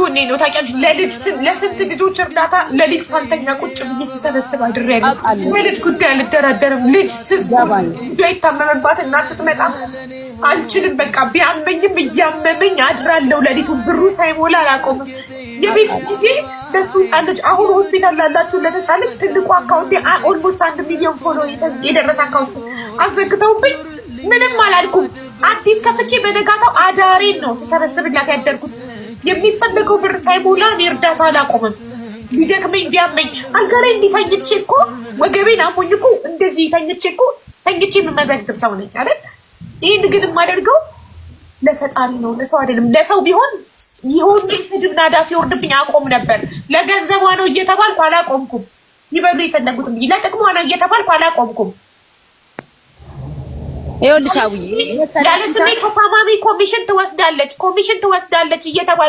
ጎኔ ነው ታውቂያለሽ። ለልጅ ለስንት ልጆች እርዳታ ለልጅ ሳልተኛ ቁጭ ብዬ ስሰበስብ አድሬያለሁ። ልጅ ጉዳይ አልደራደርም። ልጅ ስስ ይታመመባት እናት ስትመጣ አልችልም። በቃ ቢያመኝም እያመመኝ አድራለሁ። ለሊቱ ብሩ ሳይሞላ አላቆምም። የቤት ጊዜ ለሱ ህፃን ልጅ አሁን ሆስፒታል ላላችሁ ለተሳ ልጅ ትልቁ አካውንቴ ኦልሞስት አንድ ሚሊዮን ፎሎ የደረሰ አካውንት አዘግተውብኝ ምንም አላልኩም። አዲስ ከፍቼ በነጋታው አዳሬን ነው ስሰበስብላት ያደርጉት። የሚፈለገው ብር ሳይሞላ እኔ እርዳታ አላቆምም። ቢደክመኝ ቢያመኝ አልጋ ላይ ተኝቼ እኮ ወገቤን አሞኝ እኮ እንደዚህ ተኝቼ እኮ ተኝቼ የምመዘግብ ሰው ነኝ አይደል? ይህን ግን የማደርገው ለፈጣሪ ነው፣ ለሰው አይደለም። ለሰው ቢሆን ይሆን ስድብ ናዳ ሲወርድብኝ አቆም ነበር። ለገንዘቧ ነው እየተባልኩ አላቆምኩም። ይበሉ የፈለጉትም ለጥቅሟ ነው እየተባልኩ አላቆምኩም። ይኸውልሽ አውዬ ያለ ስሜ ኮፓማሚ ኮሚሽን ትወስዳለች ኮሚሽን ትወስዳለች እየተባለ